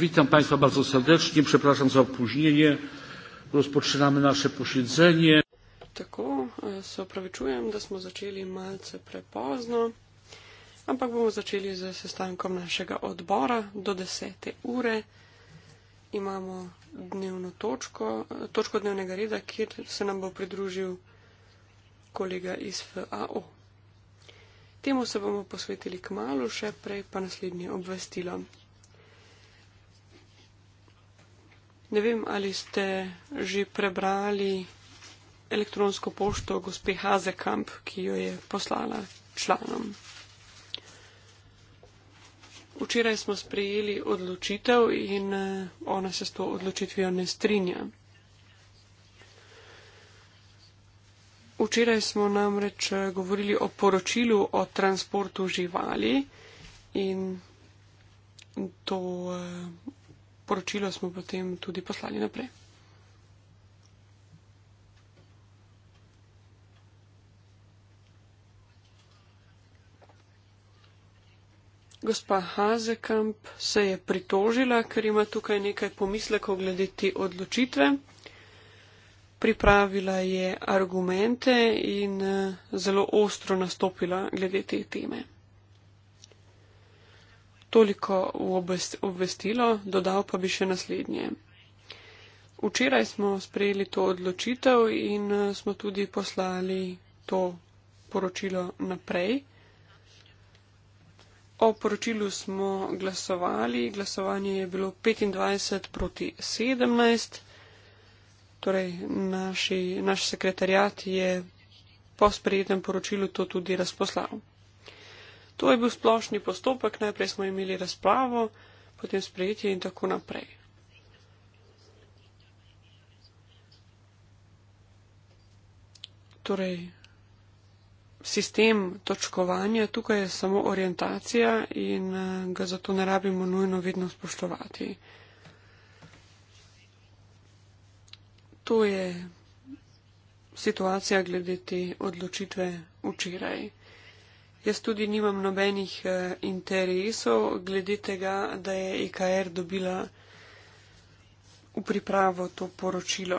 Witam Państwa bardzo serdecznie. Przepraszam za opóźnienie. Rozpoczynamy nasze posiedzenie. Tak, e, se opravičujem, da smo začeli malce prepozno, ampak bomo začeli z sestankom našega odbora do 10. ure. Imamo dnevno točko, e, točko dnevnega reda, kjer se nam bo pridružil kolega iz FAO. Temu se bomo posvetili k malu, še prej pa naslednje obvestilo. Ne vem, ali ste že prebrali elektronsko pošto gospe Hazekamp, ki jo je poslala članom. Včeraj smo sprejeli odločitev in eh, ona se s to odločitvijo ne strinja. Včeraj smo namreč eh, govorili o poročilu o transportu živali in to eh, poročilo smo potem tudi poslali naprej. Gospa Hazekamp se je pritožila, ker ima tukaj nekaj pomislekov glede te odločitve. Pripravila je argumente in eh, zelo ostro nastopila glede te teme. Toliko v obvestilo, dodal pa bi še naslednje. Včeraj smo sprejeli to odločitev in eh, smo tudi poslali to poročilo naprej. O poročilu smo glasovali, glasovanje je bilo 25 proti 17, torej naši, naš sekretarjat je po sprejetem poročilu to tudi razposlal. To je bil splošni postopek, najprej smo imeli razpravo, potem sprejetje in tako naprej. Torej, sistem točkovanja tukaj je samo orientacija in eh, ga zato ne rabimo nujno vedno spoštovati. To je situacija glede te odločitve včeraj. Jaz tudi nimam nobenih eh, interesov glede tega, da je EKR dobila v pripravo to poročilo.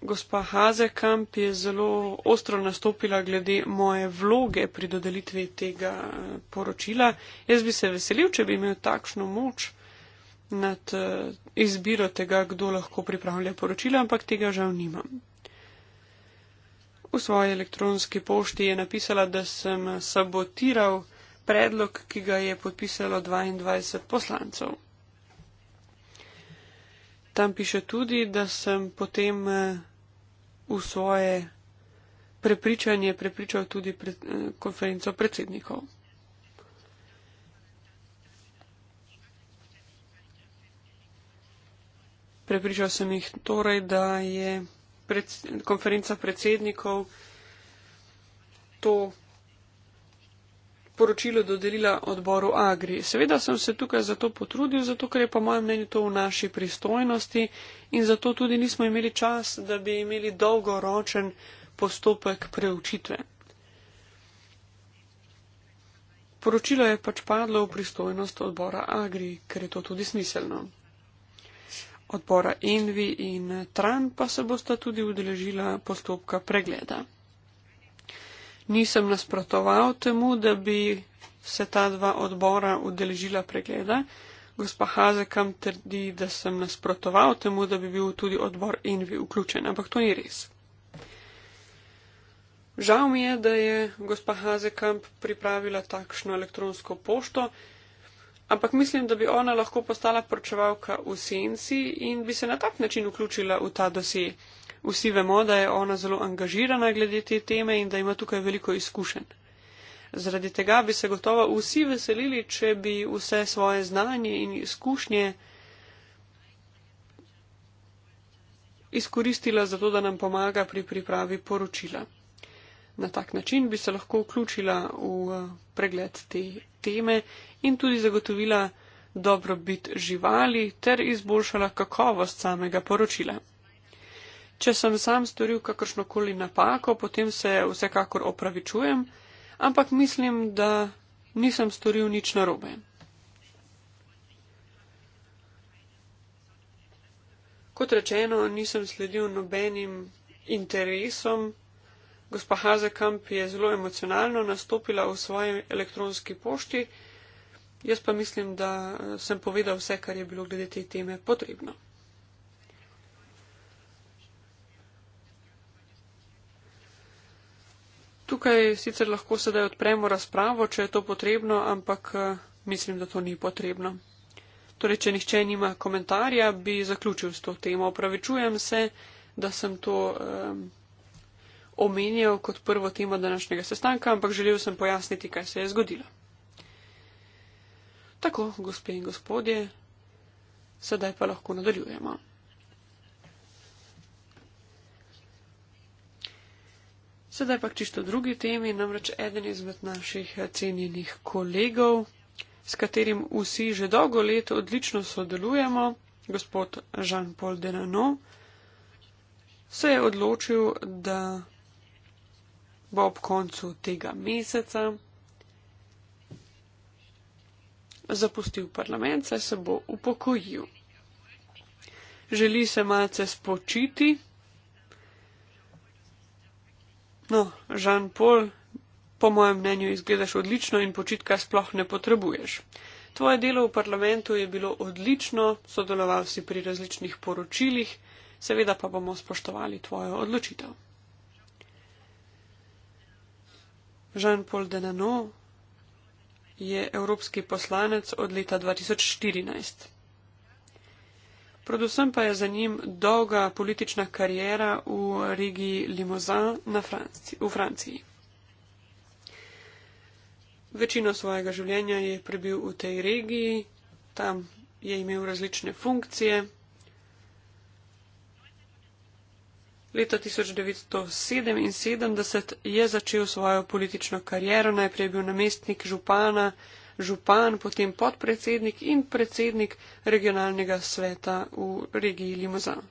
Gospa Hazekamp je zelo ostro nastopila glede moje vloge pri dodelitvi tega eh, poročila. Jaz bi se veselil, če bi imel takšno moč nad eh, izbiro tega, kdo lahko pripravlja poročila, ampak tega žal nimam v svoji elektronski pošti je napisala, da sem sabotiral predlog, ki ga je podpisalo 22 poslancev. Tam piše tudi, da sem potem eh, v svoje prepričanje prepričal tudi pred, eh, konferenco predsednikov. Prepričal sem jih torej, da je pred, konferenca predsednikov to poročilo dodelila odboru Agri. Seveda sem se tukaj zato potrudil, zato ker je po mojem mnenju to v naši pristojnosti in zato tudi nismo imeli čas, da bi imeli dolgoročen postopek preučitve. Poročilo je pač padlo v pristojnost odbora Agri, ker je to tudi smiselno odbora Envi in Tran pa se bosta tudi udeležila postopka pregleda. Nisem nasprotoval temu, da bi se ta dva odbora udeležila pregleda. Gospa Hazekam trdi, da sem nasprotoval temu, da bi bil tudi odbor Envi vključen, ampak to ni res. Žal mi je, da je gospa Hazekamp pripravila takšno elektronsko pošto, ampak mislim, da bi ona lahko postala pročevalka v senci in bi se na tak način vključila v ta dosi. Vsi vemo, da je ona zelo angažirana glede te teme in da ima tukaj veliko izkušenj. Zaradi tega bi se gotovo vsi veselili, če bi vse svoje znanje in izkušnje izkoristila za to, da nam pomaga pri pripravi poročila. Na tak način bi se lahko vključila v eh, pregled te teme in tudi zagotovila dobrobit živali ter izboljšala kakovost samega poročila. Če sem sam storil kakršnokoli napako, potem se vsekakor opravičujem, ampak mislim, da nisem storil nič narobe. Kot rečeno, nisem sledil nobenim interesom Gospa Hazekamp je zelo emocionalno nastopila v svoji elektronski pošti. Jaz pa mislim, da eh, sem povedal vse, kar je bilo glede te teme potrebno. Tukaj sicer lahko sedaj odpremo razpravo, če je to potrebno, ampak eh, mislim, da to ni potrebno. Torej, če nihče nima komentarja, bi zaključil s to temo. Opravičujem se, da sem to. Um, omenjal kot prvo temo današnjega sestanka, ampak želel sem pojasniti, kaj se je zgodilo. Tako, gospe in gospodje, sedaj pa lahko nadaljujemo. Sedaj pa čisto drugi temi, namreč eden izmed naših cenjenih kolegov, s katerim vsi že dolgo let odlično sodelujemo, gospod Jean-Paul Denano, se je odločil, da bo ob koncu tega meseca zapustil parlament, saj se bo upokojil. Želi se malce spočiti. No, Žan Pol, po mojem mnenju izgledaš odlično in počitka sploh ne potrebuješ. Tvoje delo v parlamentu je bilo odlično, sodeloval si pri različnih poročilih, seveda pa bomo spoštovali tvojo odločitev. Jean-Paul Denano je evropski poslanec od leta 2014. Predvsem pa je za njim dolga politična karijera v regiji Limousin Franci v Franciji. Večino svojega življenja je prebil v tej regiji, tam je imel različne funkcije. Leta 1977 je začel svojo politično kariero, najprej je bil namestnik župana, župan, potem podpredsednik in predsednik regionalnega sveta v regiji Limozan.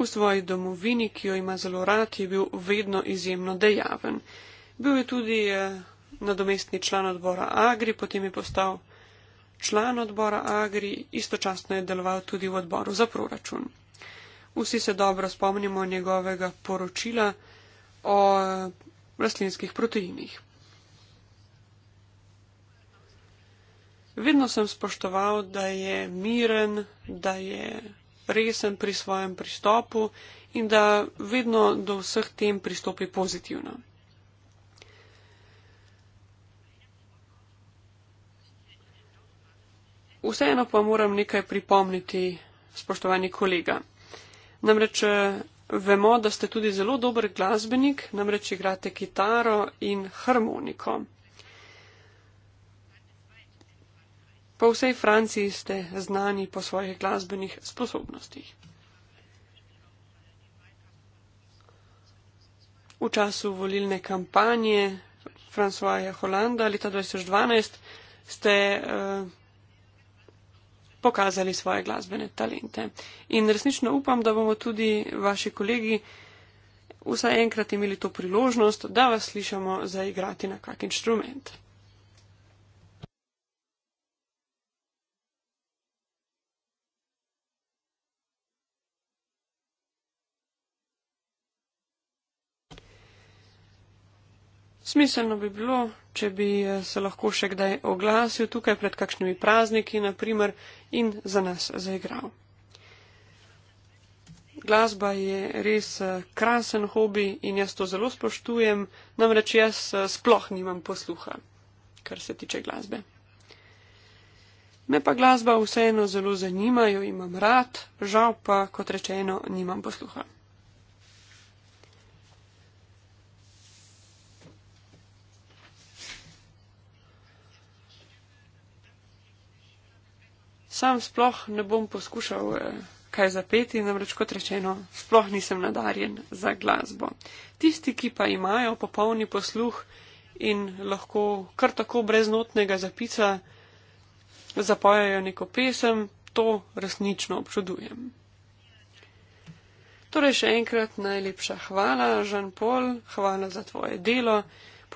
V svoji domovini, ki jo ima zelo rad, je bil vedno izjemno dejaven. Bil je tudi eh, nadomestni član odbora Agri, potem je postal član odbora Agri, istočasno je deloval tudi v odboru za proračun. Vsi se dobro spomnimo njegovega poročila o rastlinskih proteinih. Vedno sem spoštoval, da je miren, da je resen pri svojem pristopu in da vedno do vseh tem pristopi pozitivno. Vseeno pa moram nekaj pripomniti, spoštovani kolega. Namreč eh, vemo, da ste tudi zelo dober glasbenik, namreč igrate kitaro in harmoniko. Po vsej Franciji ste znani po svojih glasbenih sposobnostih. V času volilne kampanje Francoja Holanda leta 2012 ste. Uh, pokazali svoje glasbene talente. In resnično upam, da bomo tudi vaši kolegi vsaj enkrat imeli to priložnost, da vas slišamo zaigrati na kak inštrument. Smiselno bi bilo, če bi eh, se lahko še kdaj oglasil tukaj pred kakšnimi prazniki, naprimer, in za nas zaigral. Glasba je res eh, krasen hobi in jaz to zelo spoštujem, namreč jaz eh, sploh nimam posluha, kar se tiče glasbe. Me pa glasba vseeno zelo zanima, jo imam rad, žal pa, kot rečeno, nimam posluha. sam sploh ne bom poskušal eh, kaj zapeti, namreč kot rečeno, sploh nisem nadarjen za glasbo. Tisti, ki pa imajo popolni posluh in lahko kar tako brez notnega zapica zapojajo neko pesem, to resnično občudujem. Torej še enkrat najlepša hvala, Žan Pol, hvala za tvoje delo,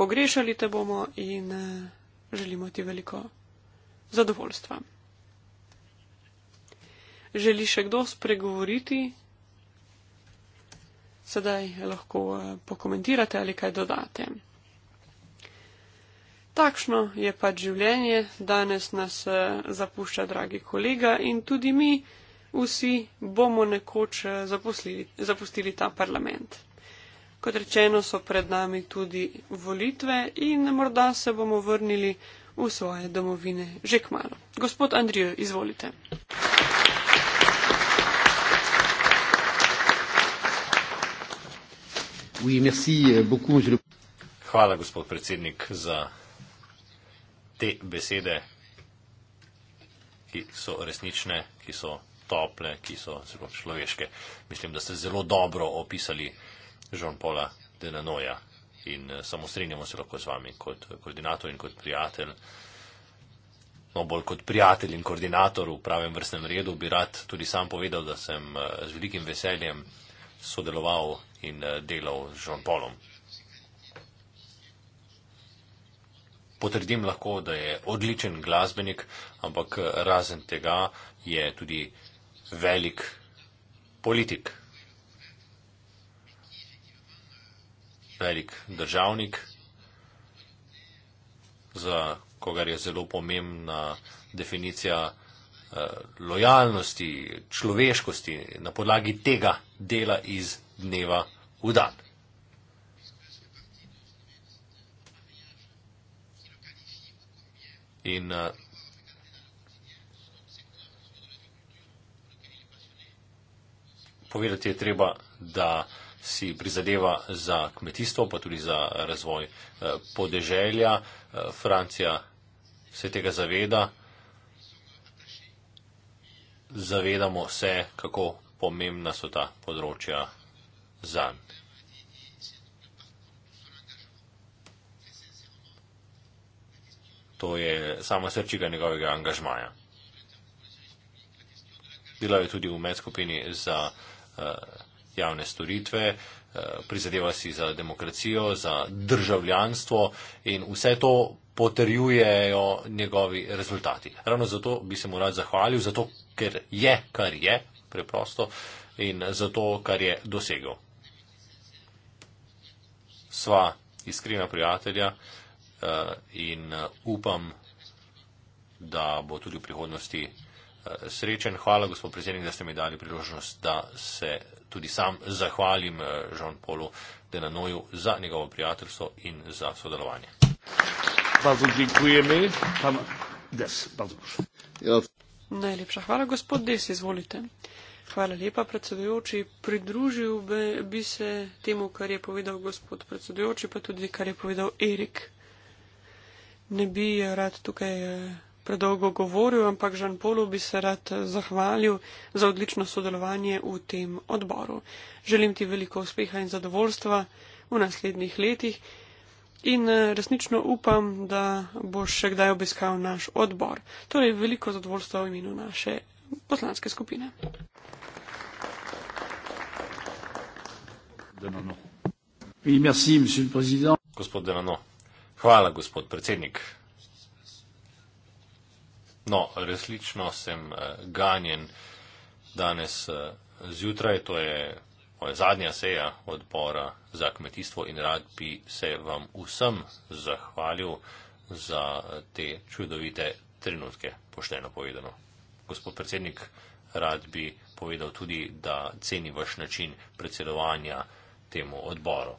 pogrešali te bomo in eh, želimo ti veliko zadovoljstva. Želi še kdo spregovoriti? Sedaj lahko eh, pokomentirate ali kaj dodate. Takšno je pač življenje, danes nas eh, zapušča dragi kolega in tudi mi vsi bomo nekoč eh, zapustili, zapustili ta parlament. Kot rečeno, so pred nami tudi volitve in morda se bomo vrnili v svoje domovine že k malu. Gospod Andrijo, izvolite. Euh, Hvala, gospod predsednik, za te besede, ki so resnične, ki so tople, ki so zelo človeške. Mislim, da ste zelo dobro opisali Jean-Paula Denanoja in eh, samo strinjamo se lahko z vami kot eh, koordinator in kot prijatelj. No, bolj kot prijatelj in koordinator v pravem vrstnem redu bi rad tudi sam povedal, da sem eh, z velikim veseljem sodeloval in eh, delal z Žon Polom. Potrdim lahko, da je odličen glasbenik, ampak eh, razen tega je tudi velik politik. Velik državnik, za kogar je zelo pomembna definicija eh, lojalnosti, človeškosti, na podlagi tega dela iz dneva v dan. In eh, povedati je treba, da si prizadeva za kmetijstvo, pa tudi za razvoj eh, podeželja. Eh, Francija se tega zaveda. Zavedamo se, kako pomembna so ta področja zan. To je sama srčika njegovega angažmaja. Bila je tudi v medskupini za uh, javne storitve, uh, prizadeva si za demokracijo, za državljanstvo in vse to potrjujejo njegovi rezultati. Ravno zato bi se mu rad zahvalil, zato ker je, kar je, preprosto, in zato, kar je dosegel sva iskrena prijatelja eh, in eh, upam, da bo tudi v prihodnosti eh, srečen. Hvala, gospod predsednik, da ste mi dali priložnost, da se tudi sam zahvalim Jean-Paulu Denanoju za njegovo prijateljstvo in za sodelovanje. Des, ja. Najlepša hvala, gospod Des, izvolite. Hvala lepa, predsedujoči. Pridružil bi, bi se temu, kar je povedal gospod predsedujoči, pa tudi kar je povedal Erik. Ne bi rad tukaj eh, predolgo govoril, ampak Žan Polu bi se rad eh, zahvalil za odlično sodelovanje v tem odboru. Želim ti veliko uspeha in zadovoljstva v naslednjih letih in eh, resnično upam, da boš še kdaj obiskal naš odbor. Torej, veliko zadovoljstva v imenu naše poslanske skupine. Gospod Delano, hvala, gospod predsednik. No, resnično sem eh, ganjen danes eh, zjutraj, to je moja zadnja seja odbora za kmetijstvo in rad bi se vam vsem zahvalil za eh, te čudovite trenutke, pošteno povedano gospod predsednik, rad bi povedal tudi, da ceni vaš način predsedovanja temu odboru.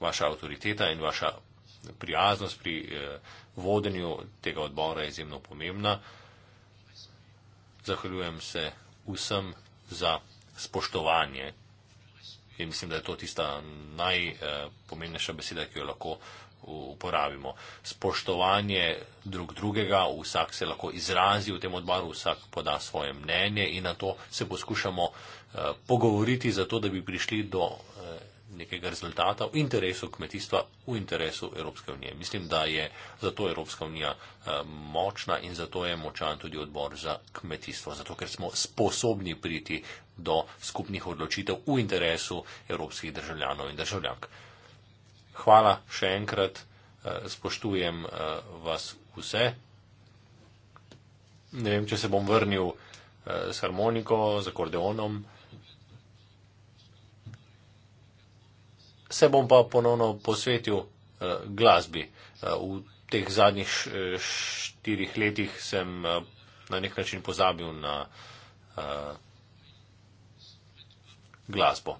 Vaša avtoriteta in vaša prijaznost pri eh, vodenju tega odbora je izjemno pomembna. Zahvaljujem se vsem za spoštovanje in mislim, da je to tista najpomembnejša eh, beseda, ki jo lahko uporabimo. Spoštovanje drug drugega, vsak se lahko izrazi v tem odboru, vsak poda svoje mnenje in na to se poskušamo eh, pogovoriti, zato da bi prišli do eh, nekega rezultata v interesu kmetijstva, v interesu Evropske unije. Mislim, da je zato Evropska unija eh, močna in zato je močan tudi odbor za kmetijstvo, zato ker smo sposobni priti do skupnih odločitev v interesu evropskih državljanov in državljank. Hvala še enkrat, eh, spoštujem eh, vas vse. Ne vem, če se bom vrnil eh, s harmoniko, z akordeonom. Se bom pa ponovno posvetil glasbi. V teh zadnjih štirih letih sem na nek način pozabil na glasbo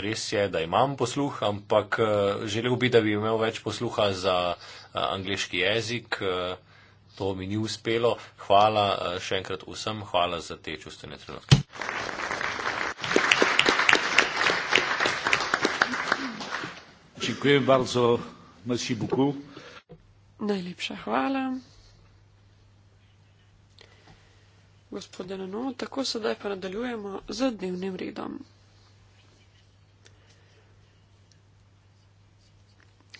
res je, da imam posluh, ampak eh, želel bi, da bi imel več posluha za eh, angliški jezik. Eh, to mi ni uspelo. Hvala še enkrat vsem, hvala za te čustvene trenutke. Najlepša hvala. Gospod Denano, tako sedaj pa nadaljujemo z dnevnim redom.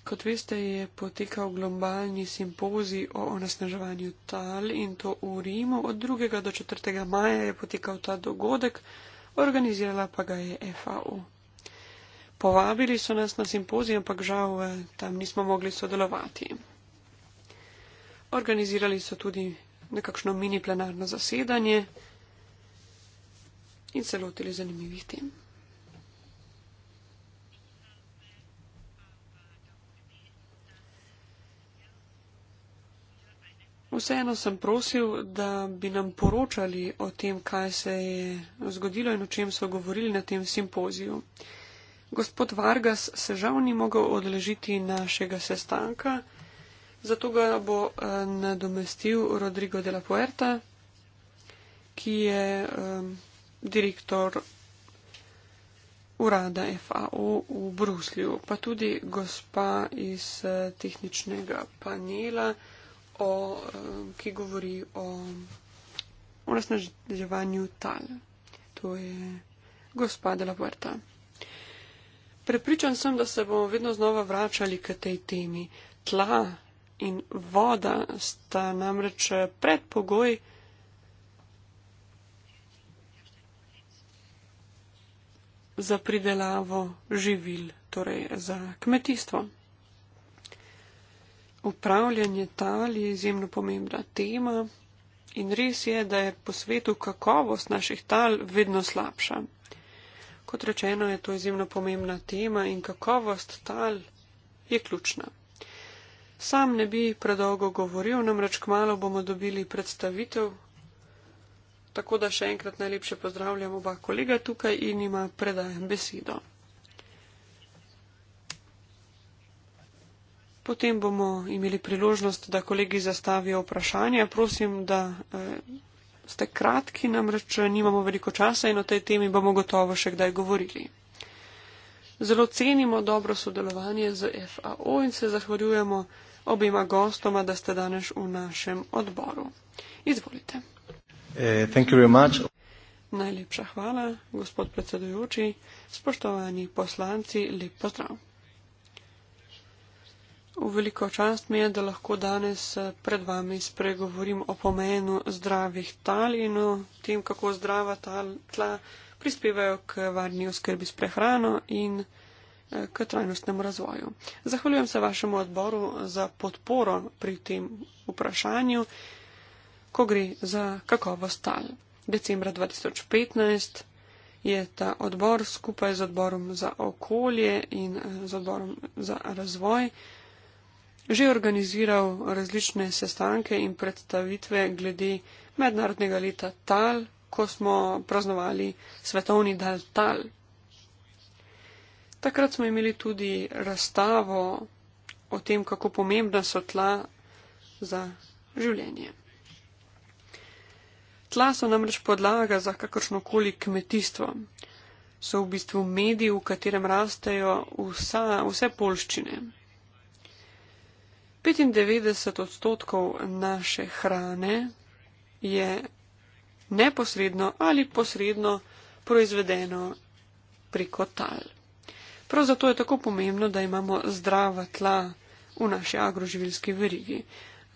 Kot veste, je potekal globalni simpozij o onesnaževanju tal in to v Rimu. Od 2. do 4. maja je potekal ta dogodek, organizirala pa ga je FAO. Povabili so nas na simpozij, ampak žal eh, tam nismo mogli sodelovati. Organizirali so tudi nekakšno mini plenarno zasedanje in se lotili zanimivih tem. Vseeno sem prosil, da bi nam poročali o tem, kaj se je zgodilo in o čem so govorili na tem simpoziju. Gospod Vargas se žal ni mogel odležiti našega sestanka, zato ga bo eh, nadomestil Rodrigo de la Puerta, ki je um, direktor urada FAO v Bruslju, pa tudi gospa iz eh, tehničnega panela o, eh, ki govori o onesnaževanju tal. To je gospoda Laporta. Prepričan sem, da se bomo vedno znova vračali k tej temi. Tla in voda sta namreč predpogoj. za pridelavo živil, torej za kmetijstvo. Upravljanje tal je izjemno pomembna tema in res je, da je po svetu kakovost naših tal vedno slabša. Kot rečeno, je to izjemno pomembna tema in kakovost tal je ključna. Sam ne bi predolgo govoril, namreč kmalo bomo dobili predstavitev, tako da še enkrat najlepše pozdravljam oba kolega tukaj in ima predajem besedo. Potem bomo imeli priložnost, da kolegi zastavijo vprašanja. Prosim, da eh, ste kratki, namreč eh, nimamo veliko časa in o tej temi bomo gotovo še kdaj govorili. Zelo cenimo dobro sodelovanje z FAO in se zahvaljujemo obima gostoma, da ste danes v našem odboru. Izvolite. Uh, Najlepša hvala, gospod predsedujoči, spoštovani poslanci, lep pozdrav. V veliko čast mi je, da lahko danes eh, pred vami spregovorim o pomenu zdravih tal in o tem, kako zdrava tla prispevajo k varni oskrbi s prehrano in eh, k trajnostnemu razvoju. Zahvaljujem se vašemu odboru za podporo pri tem vprašanju, ko gre za kakovost tal. Decembra 2015 je ta odbor skupaj z odborom za okolje in eh, z odborom za razvoj že organiziral različne sestanke in predstavitve glede mednarodnega leta Tal, ko smo praznovali svetovni dal Tal. Takrat smo imeli tudi razstavo o tem, kako pomembna so tla za življenje. Tla so namreč podlaga za kakršnokoli kmetijstvo. So v bistvu mediji, v katerem rastejo vsa, vse polščine. 95 odstotkov naše hrane je neposredno ali posredno proizvedeno preko tal. Prav zato je tako pomembno, da imamo zdrava tla v naši agroživilski verigi.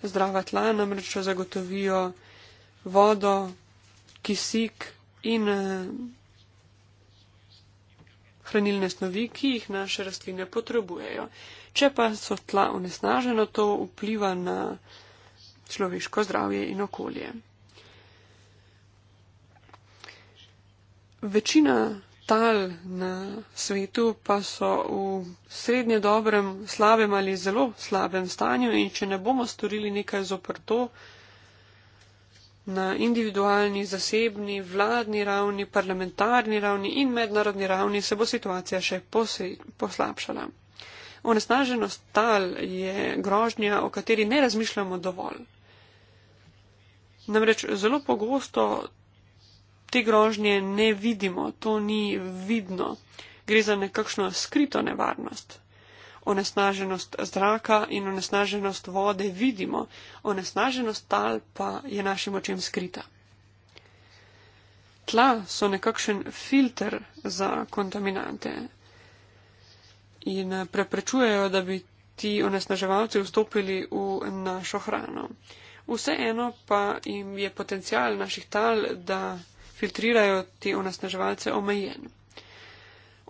Zdrava tla namreč zagotovijo vodo, kisik in eh, hranilne snovi, ki jih naše rastline potrebujejo. Če pa so tla onesnažena, to vpliva na človeško zdravje in okolje. Večina tal na svetu pa so v srednje dobrem, slabem ali zelo slabem stanju in če ne bomo storili nekaj zoprto na individualni, zasebni, vladni ravni, parlamentarni ravni in mednarodni ravni, se bo situacija še poslabšala. Onesnaženost tal je grožnja, o kateri ne razmišljamo dovolj. Namreč zelo pogosto te grožnje ne vidimo, to ni vidno. Gre za nekakšno skrito nevarnost. Onesnaženost zraka in onesnaženost vode vidimo, onesnaženost tal pa je našim očem skrita. Tla so nekakšen filter za kontaminante, in eh, preprečujejo, da bi ti onesnaževalci vstopili v našo hrano. Vseeno pa jim je potencial naših tal, da filtrirajo te onesnaževalce omejen.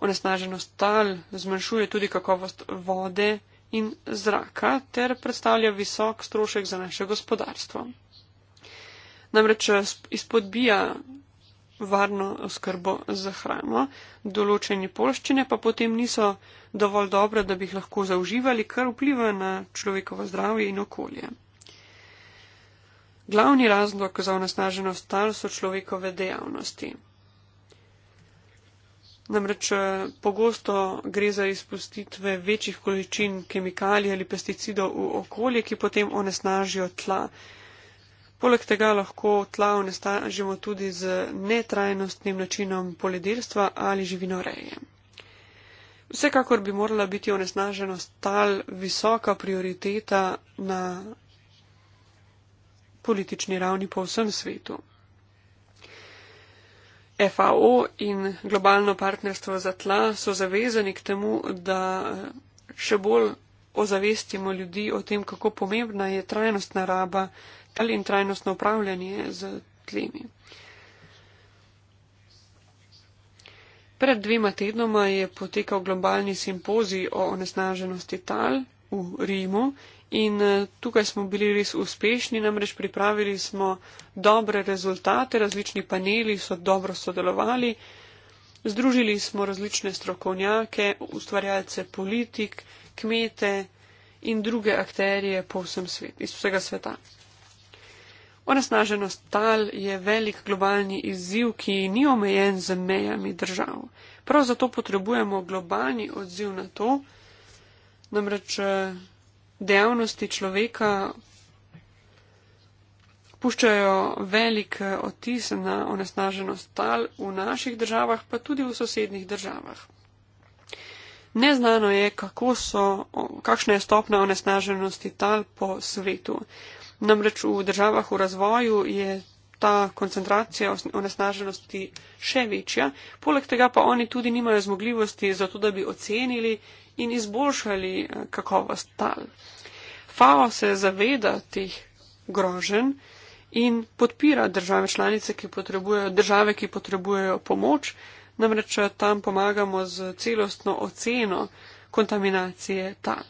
Onesnaženost tal zmanjšuje tudi kakovost vode in zraka ter predstavlja visok strošek za naše gospodarstvo. Namreč eh, izpodbija varno oskrbo za hrano. Določene polščine pa potem niso dovolj dobre, da bi jih lahko zauživali, kar vpliva na človekovo zdravje in okolje. Glavni razlog za onesnaženost tal so človekove dejavnosti. Namreč eh, pogosto gre za izpustitve večjih količin kemikalij ali pesticidov v okolje, ki potem onesnažijo tla. Poleg tega lahko tla onestažimo tudi z netrajnostnim načinom poljedelstva ali živinoreje. Vsekakor bi morala biti onesnaženost tal visoka prioriteta na politični ravni po vsem svetu. FAO in globalno partnerstvo za tla so zavezani k temu, da še bolj ozavestimo ljudi o tem, kako pomembna je trajnostna raba ali in trajnostno upravljanje z tlemi. Pred dvema tednoma je potekal globalni simpozij o onesnaženosti tal v Rimu in eh, tukaj smo bili res uspešni, namreč pripravili smo dobre rezultate, različni paneli so dobro sodelovali. Združili smo različne strokovnjake, ustvarjalce politik, kmete in druge akterije po vsem svetu, iz vsega sveta. Onesnaženost tal je velik globalni izziv, ki ni omejen z mejami držav. Prav zato potrebujemo globalni odziv na to, namreč eh, dejavnosti človeka puščajo velik eh, otis na onesnaženost tal v naših državah, pa tudi v sosednjih državah. Neznano je, so, kakšna je stopna onesnaženosti tal po svetu. Namreč v državah v razvoju je ta koncentracija onesnaženosti še večja, poleg tega pa oni tudi nimajo zmogljivosti za to, da bi ocenili in izboljšali eh, kakovost tal. FAO se zaveda teh groženj in podpira države članice, ki potrebujejo, države, ki potrebujejo pomoč. Namreč tam pomagamo z celostno oceno kontaminacije tal.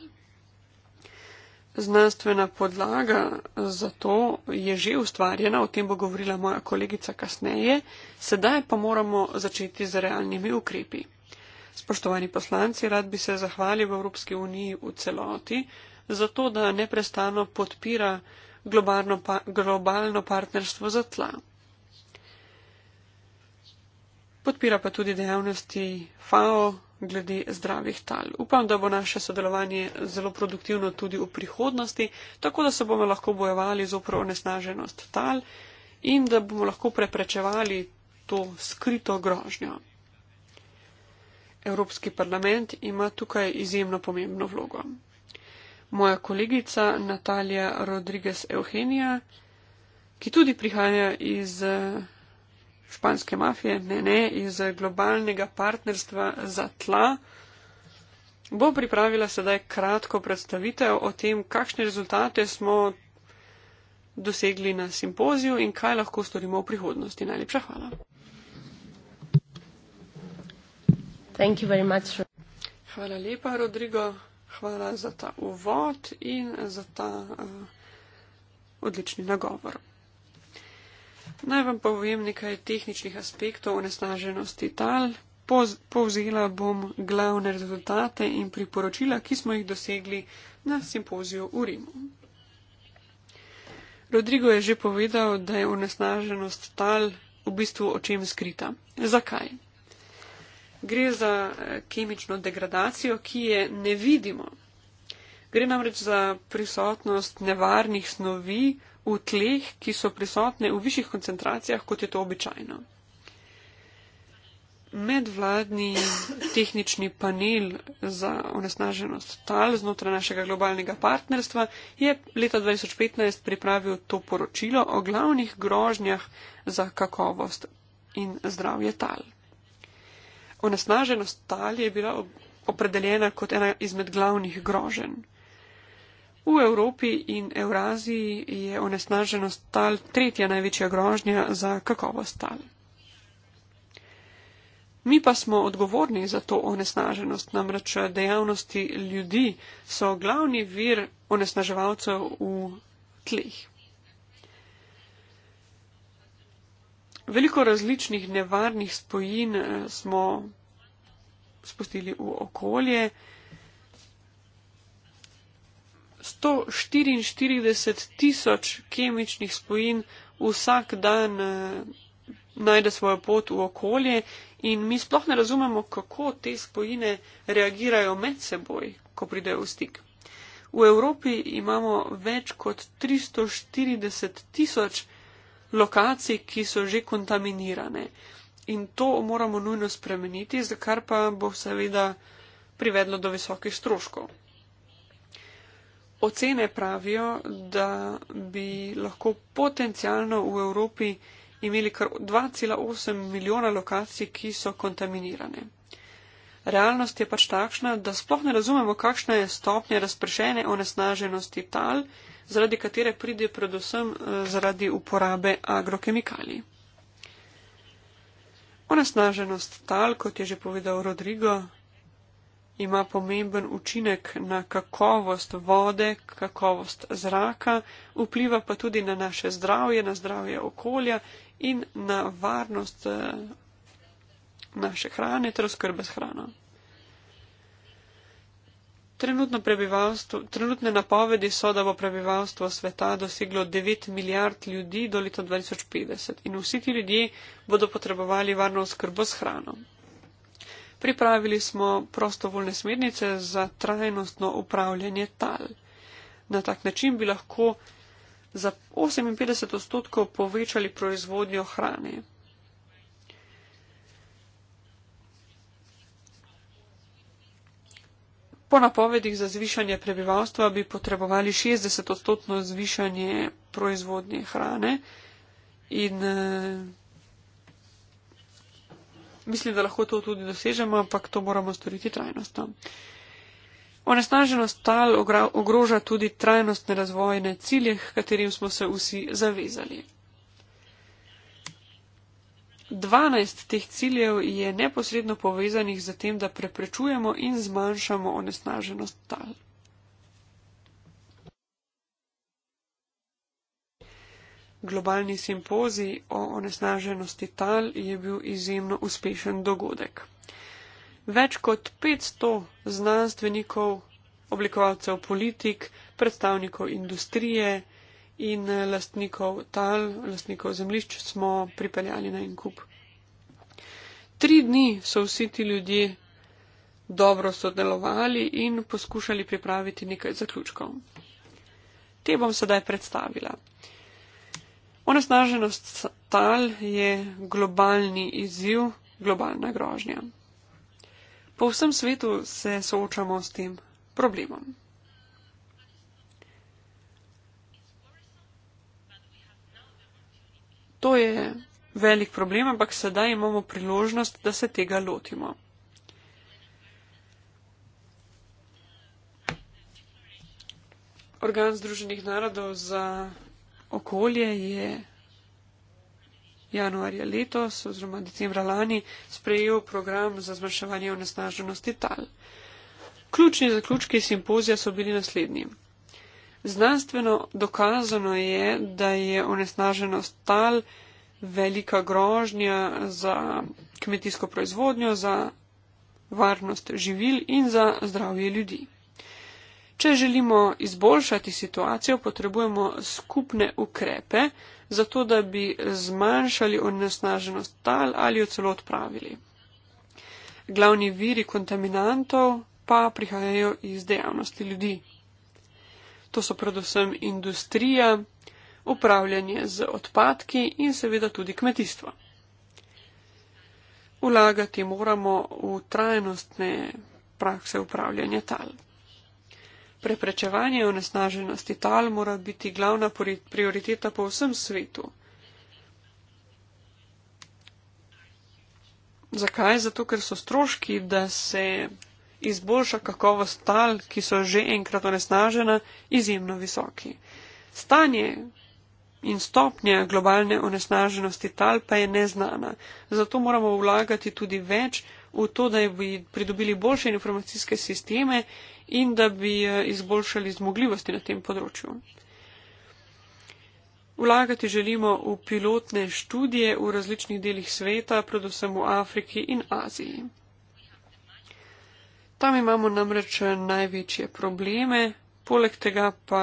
Znanstvena podlaga za to je že ustvarjena, o tem bo govorila moja kolegica kasneje, sedaj pa moramo začeti z realnimi ukrepi. Spoštovani poslanci, rad bi se zahvalil Evropski uniji v celoti za to, da neprestano podpira globalno, pa, globalno partnerstvo za tla. Podpira pa tudi dejavnosti FAO glede zdravih tal. Upam, da bo naše sodelovanje zelo produktivno tudi v prihodnosti, tako da se bomo lahko bojevali z opro nesnaženost tal in da bomo lahko preprečevali to skrito grožnjo. Evropski parlament ima tukaj izjemno pomembno vlogo moja kolegica Natalija Rodriguez Eugenija, ki tudi prihaja iz eh, španske mafije, ne ne, iz globalnega partnerstva za tla, bo pripravila sedaj kratko predstavitev o tem, kakšne rezultate smo dosegli na simpoziju in kaj lahko storimo v prihodnosti. Najlepša hvala. Hvala lepa, Rodrigo. Hvala za ta uvod in za ta uh, odlični nagovor. Naj vam povem nekaj tehničnih aspektov onesnaženosti tal. Povzela bom glavne rezultate in priporočila, ki smo jih dosegli na simpoziju v Rimu. Rodrigo je že povedal, da je onesnaženost tal v bistvu očem skrita. Zakaj? Gre za eh, kemično degradacijo, ki je ne vidimo. Gre namreč za prisotnost nevarnih snovi v tleh, ki so prisotne v višjih koncentracijah, kot je to običajno. Medvladni tehnični panel za onesnaženost tal znotraj našega globalnega partnerstva je leta 2015 pripravil to poročilo o glavnih grožnjah za kakovost in zdravje tal. Onesnaženost tal je bila opredeljena kot ena izmed glavnih groženj. V Evropi in Euraziji je onesnaženost tal tretja največja grožnja za kakovost tal. Mi pa smo odgovorni za to onesnaženost, namreč dejavnosti ljudi so glavni vir onesnaževalcev v tleh. Veliko različnih nevarnih spojin eh, smo spustili v okolje. 144 tisoč kemičnih spojin vsak dan eh, najde svojo pot v okolje in mi sploh ne razumemo, kako te spojine reagirajo med seboj, ko pridejo v stik. V Evropi imamo več kot 340 tisoč lokacij, ki so že kontaminirane. In to moramo nujno spremeniti, za kar pa bo seveda privedlo do visokih stroškov. Ocene pravijo, da bi lahko potencialno v Evropi imeli kar 2,8 milijona lokacij, ki so kontaminirane. Realnost je pač takšna, da sploh ne razumemo, kakšna je stopnja razpršene onesnaženosti tal, zaradi katere pride predvsem eh, zaradi uporabe agrokemikalij. Onesnaženost tal, kot je že povedal Rodrigo, ima pomemben učinek na kakovost vode, kakovost zraka, vpliva pa tudi na naše zdravje, na zdravje okolja in na varnost eh, naše hrane ter oskrbe s hrano. Trenutno prebivalstvo, trenutne napovedi so, da bo prebivalstvo sveta doseglo 9 milijard ljudi do leta 2050 in vsi ti ljudje bodo potrebovali varno oskrbo s hrano. Pripravili smo prostovoljne smernice za trajnostno upravljanje tal. Na tak način bi lahko za 58 odstotkov povečali proizvodnjo hrane. Po napovedih za zvišanje prebivalstva bi potrebovali 60 odstotno zvišanje proizvodnje hrane in e, mislim, da lahko to tudi dosežemo, ampak to moramo storiti trajnostno. Onesnaženost tal ogroža tudi trajnostne razvojne cilje, katerim smo se vsi zavezali. 12 teh ciljev je neposredno povezanih z tem, da preprečujemo in zmanjšamo onesnaženost tal. Globalni simpozij o onesnaženosti tal je bil izjemno uspešen dogodek. Več kot 500 znanstvenikov, oblikovalcev politik, predstavnikov industrije, in eh, lastnikov tal, lastnikov zemlišč smo pripeljali na en kup. Tri dni so vsi ti ljudje dobro sodelovali in poskušali pripraviti nekaj zaključkov. Te bom sedaj predstavila. Onesnaženost tal je globalni izziv, globalna grožnja. Po vsem svetu se soočamo s tem problemom. To je velik problem, ampak sedaj imamo priložnost, da se tega lotimo. Organ Združenih narodov za okolje je januarja letos oziroma decembra lani sprejel program za zmanjševanje onesnaženosti tal. Ključni zaključki simpozija so bili naslednji. Znanstveno dokazano je, da je onesnaženost tal velika grožnja za kmetijsko proizvodnjo, za varnost živil in za zdravje ljudi. Če želimo izboljšati situacijo, potrebujemo skupne ukrepe, zato da bi zmanjšali onesnaženost tal ali jo celo odpravili. Glavni viri kontaminantov pa prihajajo iz dejavnosti ljudi. To so predvsem industrija, upravljanje z odpadki in seveda tudi kmetijstvo. Ulagati moramo v trajnostne prakse upravljanja tal. Preprečevanje onesnaženosti tal mora biti glavna prioriteta po vsem svetu. Zakaj? Zato, ker so stroški, da se izboljša kakovost tal, ki so že enkrat onesnažena, izjemno visoki. Stanje in stopnja globalne onesnaženosti tal pa je neznana, zato moramo vlagati tudi več v to, da bi pridobili boljše informacijske sisteme in da bi eh, izboljšali zmogljivosti na tem področju. Vlagati želimo v pilotne študije v različnih delih sveta, predvsem v Afriki in Aziji. Tam imamo namreč največje probleme, poleg tega pa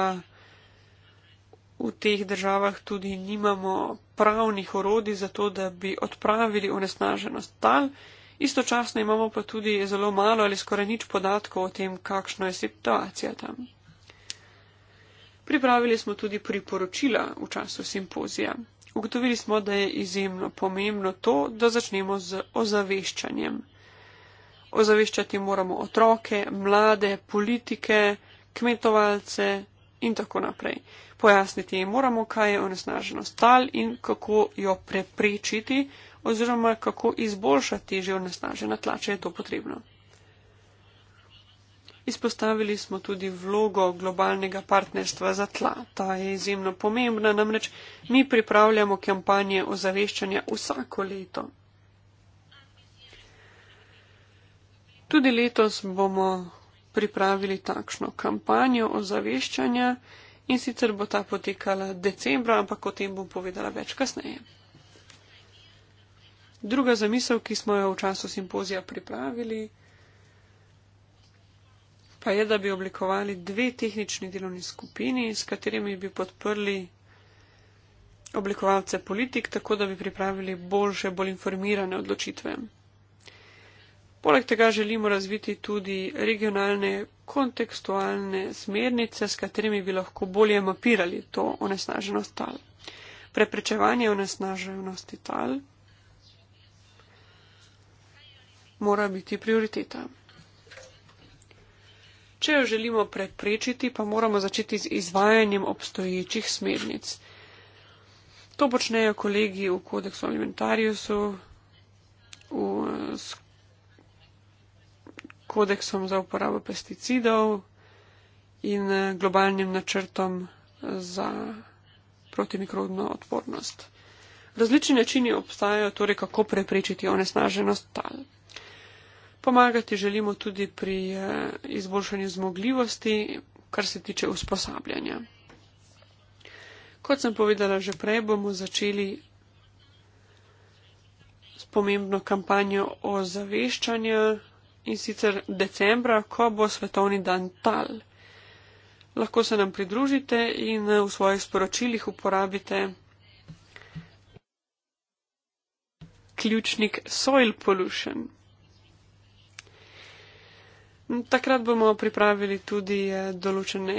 v teh državah tudi nimamo pravnih orodij za to, da bi odpravili onesnaženost tal. Istočasno imamo pa tudi zelo malo ali skoraj nič podatkov o tem, kakšna je situacija tam. Pripravili smo tudi priporočila v času simpozija. Ugotovili smo, da je izjemno pomembno to, da začnemo z ozaveščanjem ozaveščati moramo otroke, mlade, politike, kmetovalce in tako naprej. Pojasniti jim moramo, kaj je onesnaženost tal in kako jo preprečiti oziroma kako izboljšati že onesnažena tla, če je to potrebno. Izpostavili smo tudi vlogo globalnega partnerstva za tla. Ta je izjemno pomembna, namreč mi pripravljamo kampanje ozaveščanja vsako leto Tudi letos bomo pripravili takšno kampanjo ozaveščanja in sicer bo ta potekala decembra, ampak o tem bom povedala več kasneje. Druga zamisel, ki smo jo v času simpozija pripravili, pa je, da bi oblikovali dve tehnični delovni skupini, s katerimi bi podprli oblikovalce politik, tako da bi pripravili boljše, bolj informirane odločitve. Poleg tega želimo razviti tudi regionalne kontekstualne smernice, s katerimi bi lahko bolje mapirali to onesnaženost tal. Preprečevanje onesnaženosti tal mora biti prioriteta. Če jo želimo preprečiti, pa moramo začeti z izvajanjem obstoječih smernic. To počnejo kolegi v kodeksu alimentariusu, v skupnosti kodeksom za uporabo pesticidov in eh, globalnim načrtom za protimikrobno odpornost. Različni načini obstajajo, torej kako preprečiti onesnaženost tal. Pomagati želimo tudi pri eh, izboljšanju zmogljivosti, kar se tiče usposabljanja. Kot sem povedala že prej, bomo začeli s pomembno kampanjo o zaveščanju, in sicer decembra, ko bo svetovni dan tal. Lahko se nam pridružite in v svojih sporočilih uporabite ključnik Soil Pollution. Takrat bomo pripravili tudi eh, določene,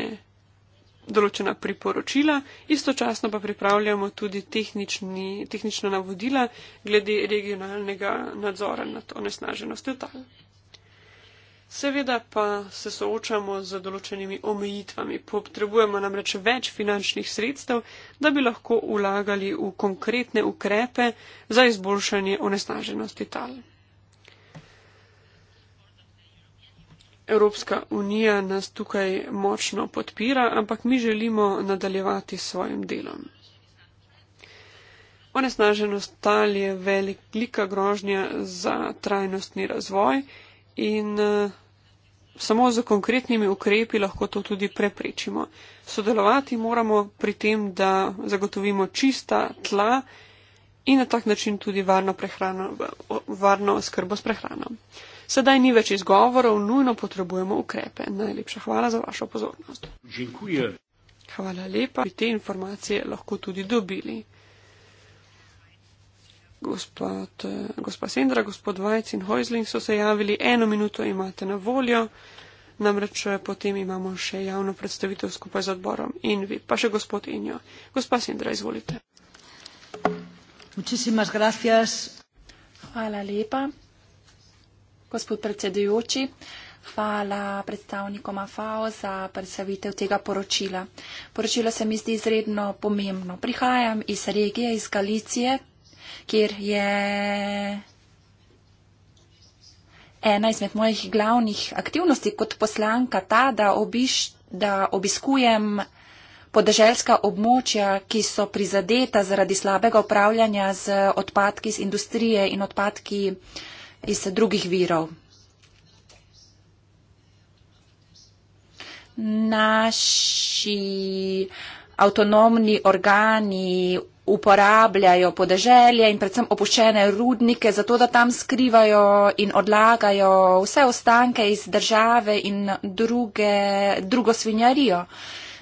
določena priporočila, istočasno pa pripravljamo tudi tehnični, tehnična navodila glede regionalnega nadzora nad onesnaženostjo tal. Seveda pa se soočamo z določenimi omejitvami. Potrebujemo namreč več finančnih sredstev, da bi lahko ulagali v konkretne ukrepe za izboljšanje onesnaženosti tal. Evropska unija nas tukaj močno podpira, ampak mi želimo nadaljevati s svojim delom. Onesnaženost tal je velika grožnja za trajnostni razvoj in eh, samo z konkretnimi ukrepi lahko to tudi preprečimo. Sodelovati moramo pri tem, da zagotovimo čista tla in na tak način tudi varno, prehrano, varno skrbo s prehrano. Sedaj ni več izgovorov, nujno potrebujemo ukrepe. Najlepša hvala za vašo pozornost. Dziękuję. Hvala lepa. Bi te informacije lahko tudi dobili gospod, eh, gospa Sindra, gospod Vajc in Hojzling so se javili, eno minuto imate na voljo, namreč eh, potem imamo še javno predstavitev skupaj z odborom in vi, pa še gospod Injo. Gospa Sindra, izvolite. Hvala lepa, gospod predsedujoči. Hvala predstavnikoma FAO za predstavitev tega poročila. Poročilo se mi zdi izredno pomembno. Prihajam iz regije, iz Galicije, kjer je ena izmed mojih glavnih aktivnosti kot poslanka ta, da, obiš, da obiskujem podeželska območja, ki so prizadeta zaradi slabega upravljanja z odpadki iz industrije in odpadki iz drugih virov. Naši avtonomni organi uporabljajo podeželje in predvsem opuščene rudnike, zato da tam skrivajo in odlagajo vse ostanke iz države in druge, drugo svinjarijo.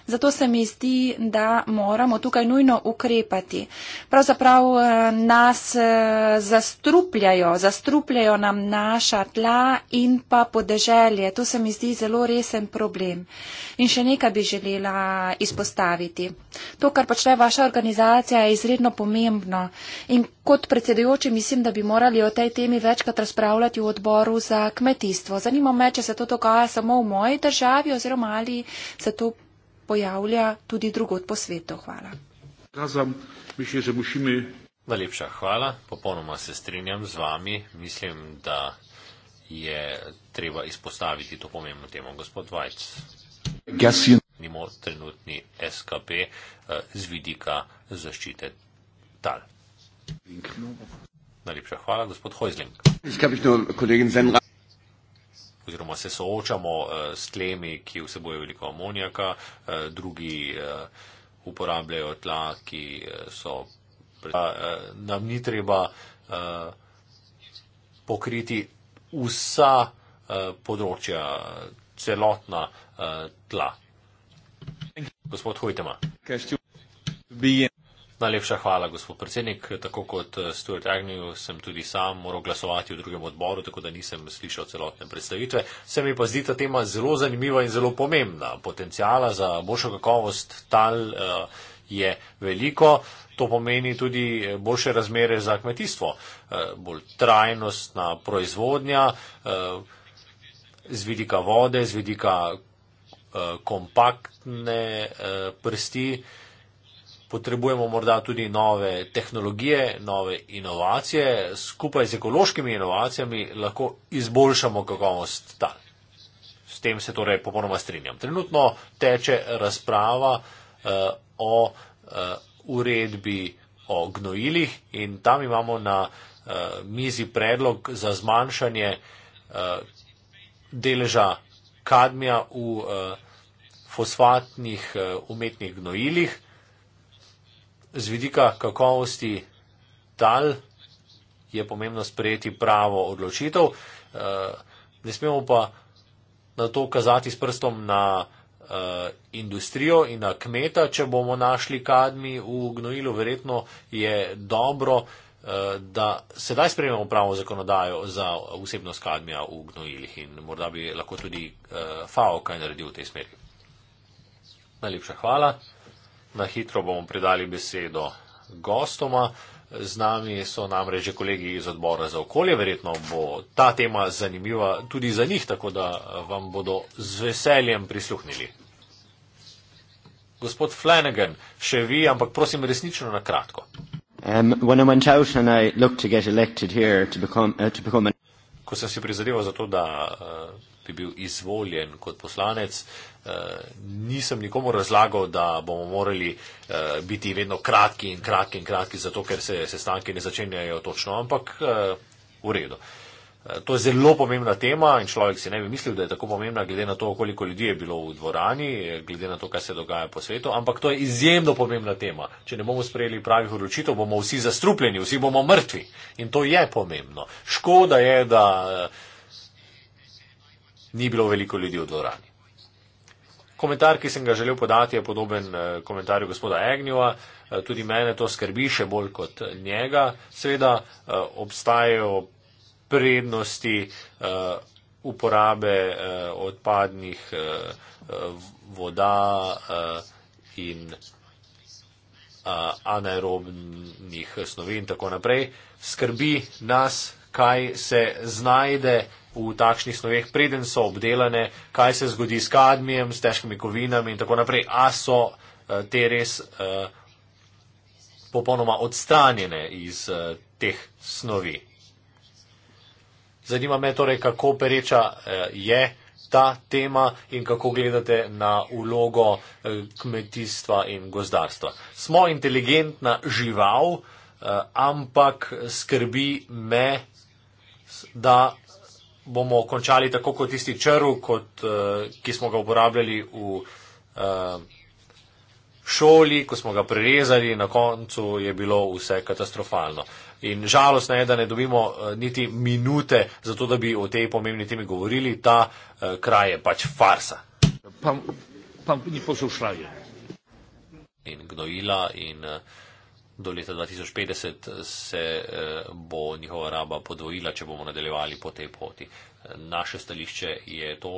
Zato se mi zdi, da moramo tukaj nujno ukrepati. Pravzaprav eh, nas eh, zastrupljajo, zastrupljajo nam naša tla in pa podeželje. To se mi zdi zelo resen problem. In še nekaj bi želela izpostaviti. To, kar počne vaša organizacija, je izredno pomembno. In kot predsedujoči mislim, da bi morali o tej temi večkrat razpravljati v odboru za kmetijstvo. Zanima me, če se to dogaja samo v moji državi oziroma ali se to pojavlja tudi drugot po svetu. Hvala. Najlepša hvala. Popolnoma se strinjam z vami. Mislim, da je treba izpostaviti to pomembno temo. Gospod Vajc, nimo trenutni SKP eh, z vidika zaščite tal. No. Najlepša hvala, gospod Hojzling. Zdaj, oziroma se soočamo uh, s tlemi, ki vsebojo veliko amonijaka, uh, drugi uh, uporabljajo tla, ki uh, so. Pred... Uh, nam ni treba uh, pokriti vsa uh, področja, celotna uh, tla. Gospod Hojtema. Kaj ste vi? Najlepša hvala, gospod predsednik. Tako kot eh, Stuart Agnew sem tudi sam moral glasovati v drugem odboru, tako da nisem slišal celotne predstavitve. Se mi pa zdi ta tema zelo zanimiva in zelo pomembna. Potencijala za boljšo kakovost tal eh, je veliko. To pomeni tudi eh, boljše razmere za kmetijstvo, bolj trajnostna proizvodnja z vidika vode, z vidika kompaktne prsti potrebujemo morda tudi nove tehnologije, nove inovacije, skupaj z ekološkimi inovacijami lahko izboljšamo kakovost tal. S tem se torej popolnoma strinjam. Trenutno teče razprava uh, o uh, uredbi o gnojilih in tam imamo na uh, mizi predlog za zmanjšanje uh, deleža kadmija v uh, fosfatnih uh, umetnih gnojilih z vidika kakovosti tal je pomembno sprejeti pravo odločitev. Eh, ne smemo pa na to kazati s prstom na eh, industrijo in na kmeta, če bomo našli kadmi v gnojilu, verjetno je dobro, eh, da sedaj sprejmemo pravo zakonodajo za vsebnost kadmija v gnojilih in morda bi lahko tudi FAO kaj naredil v tej smeri. Najlepša hvala. Na hitro bomo predali besedo gostoma. Z nami so namreč že kolegi iz odbora za okolje. Verjetno bo ta tema zanimiva tudi za njih, tako da vam bodo z veseljem prisluhnili. Gospod Flanagan, še vi, ampak prosim resnično na kratko. Um, to become, uh, to become an... Ko sem si prizadeval za to, da uh, bi bil izvoljen kot poslanec, eh, nisem nikomu razlagal, da bomo morali eh, biti vedno kratki in kratki in kratki, zato ker se sestanki ne začenjajo točno, ampak eh, v redu. To je zelo pomembna tema in človek si ne bi mislil, da je tako pomembna, glede na to, koliko ljudi je bilo v dvorani, glede na to, kaj se dogaja po svetu, ampak to je izjemno pomembna tema. Če ne bomo sprejeli pravih odločitev, bomo vsi zastrupljeni, vsi bomo mrtvi in to je pomembno. Škoda je, da ni bilo veliko ljudi v dvorani. Komentar, ki sem ga želel podati, je podoben eh, komentarju gospoda Egnjova. Eh, tudi mene to skrbi še bolj kot njega. Seveda eh, obstajajo prednosti uporabe odpadnih voda in anaerobnih snovi in tako naprej. Skrbi nas, kaj se znajde v takšnih snoveh, preden so obdelane, kaj se zgodi s kadmijem, s težkimi kovinami in tako naprej, a so eh, te res eh, popolnoma odstranjene iz eh, teh snovi. Zanima me torej, kako pereča je ta tema in kako gledate na ulogo kmetijstva in gozdarstva. Smo inteligentna žival, ampak skrbi me da bomo končali tako kot tisti črv, kot, eh, ki smo ga uporabljali v eh, šoli, ko smo ga prerezali, na koncu je bilo vse katastrofalno. In žalostno je, da ne dobimo eh, niti minute za to, da bi o tej pomembni temi govorili. Ta kraj je pač farsa. Pa, pa ni poslušali. In gnojila in. Uh, do leta 2050 se eh, bo njihova raba podvojila, če bomo nadaljevali po tej poti. Naše stališče je to,